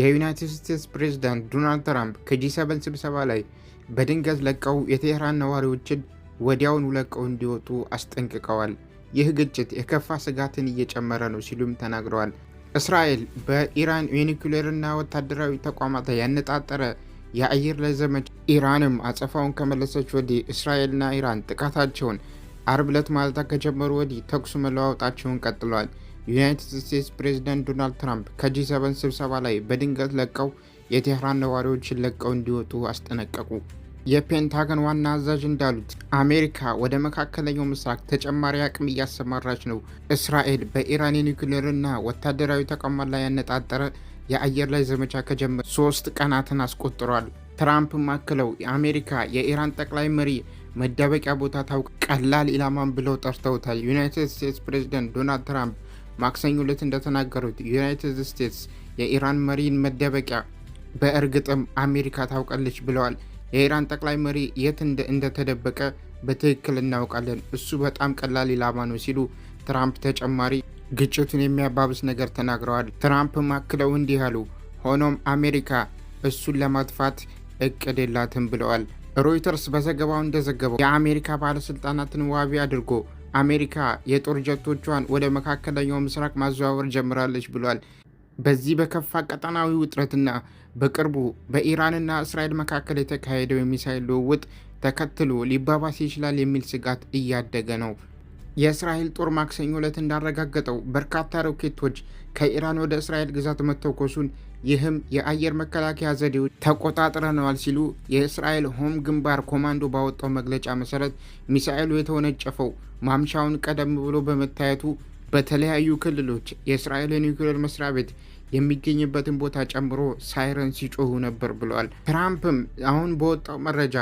የዩናይትድ ስቴትስ ፕሬዝዳንት ዶናልድ ትራምፕ ከጂ7 ስብሰባ ላይ በድንገት ለቀው የቴህራን ነዋሪዎችን ወዲያውኑ ለቀው እንዲወጡ አስጠንቅቀዋል። ይህ ግጭት የከፋ ስጋትን እየጨመረ ነው ሲሉም ተናግረዋል። እስራኤል በኢራን የኒኩሌርና ወታደራዊ ተቋማት ላይ ያነጣጠረ የአየር ላይ ዘመቻ ኢራንም አጸፋውን ከመለሰች ወዲህ እስራኤልና ኢራን ጥቃታቸውን አርብ ዕለት ማለዳ ከጀመሩ ወዲህ ተኩሱ መለዋወጣቸውን ቀጥለዋል። የዩናይትድ ስቴትስ ፕሬዝዳንት ዶናልድ ትራምፕ ከጂ ሰቨን ስብሰባ ላይ በድንገት ለቀው የቴህራን ነዋሪዎችን ለቀው እንዲወጡ አስጠነቀቁ። የፔንታገን ዋና አዛዥ እንዳሉት አሜሪካ ወደ መካከለኛው ምስራቅ ተጨማሪ አቅም እያሰማራች ነው። እስራኤል በኢራን የኒውክሌርና ወታደራዊ ተቋማት ላይ ያነጣጠረ የአየር ላይ ዘመቻ ከጀመረ ሶስት ቀናትን አስቆጥሯል። ትራምፕም አክለው አሜሪካ የኢራን ጠቅላይ መሪ መደበቂያ ቦታ ታውቅ ቀላል ኢላማን ብለው ጠርተውታል። ዩናይትድ ስቴትስ ፕሬዚደንት ዶናልድ ትራምፕ ማክሰኞ ዕለት እንደተናገሩት ዩናይትድ ስቴትስ የኢራን መሪን መደበቂያ በእርግጥም አሜሪካ ታውቃለች ብለዋል። የኢራን ጠቅላይ መሪ የት እንደተደበቀ በትክክል እናውቃለን። እሱ በጣም ቀላል ኢላማ ነው ሲሉ ትራምፕ ተጨማሪ ግጭቱን የሚያባብስ ነገር ተናግረዋል። ትራምፕ ማክለው እንዲህ አሉ። ሆኖም አሜሪካ እሱን ለማጥፋት እቅድ የላትም ብለዋል። ሮይተርስ በዘገባው እንደዘገበው የአሜሪካ ባለስልጣናትን ዋቢ አድርጎ አሜሪካ የጦር ጀቶቿን ወደ መካከለኛው ምስራቅ ማዘዋወር ጀምራለች ብሏል። በዚህ በከፋ ቀጠናዊ ውጥረትና በቅርቡ በኢራንና እስራኤል መካከል የተካሄደው የሚሳይል ልውውጥ ተከትሎ ሊባባስ ይችላል የሚል ስጋት እያደገ ነው። የእስራኤል ጦር ማክሰኞ ዕለት እንዳረጋገጠው በርካታ ሮኬቶች ከኢራን ወደ እስራኤል ግዛት መተኮሱን ይህም የአየር መከላከያ ዘዴዎች ተቆጣጥረነዋል ሲሉ የእስራኤል ሆም ግንባር ኮማንዶ ባወጣው መግለጫ መሰረት ሚሳኤሉ የተወነጨፈው ማምሻውን ቀደም ብሎ በመታየቱ በተለያዩ ክልሎች የእስራኤል የኒውክሌር መስሪያ ቤት የሚገኝበትን ቦታ ጨምሮ ሳይረን ሲጮሁ ነበር ብለዋል። ትራምፕም አሁን በወጣው መረጃ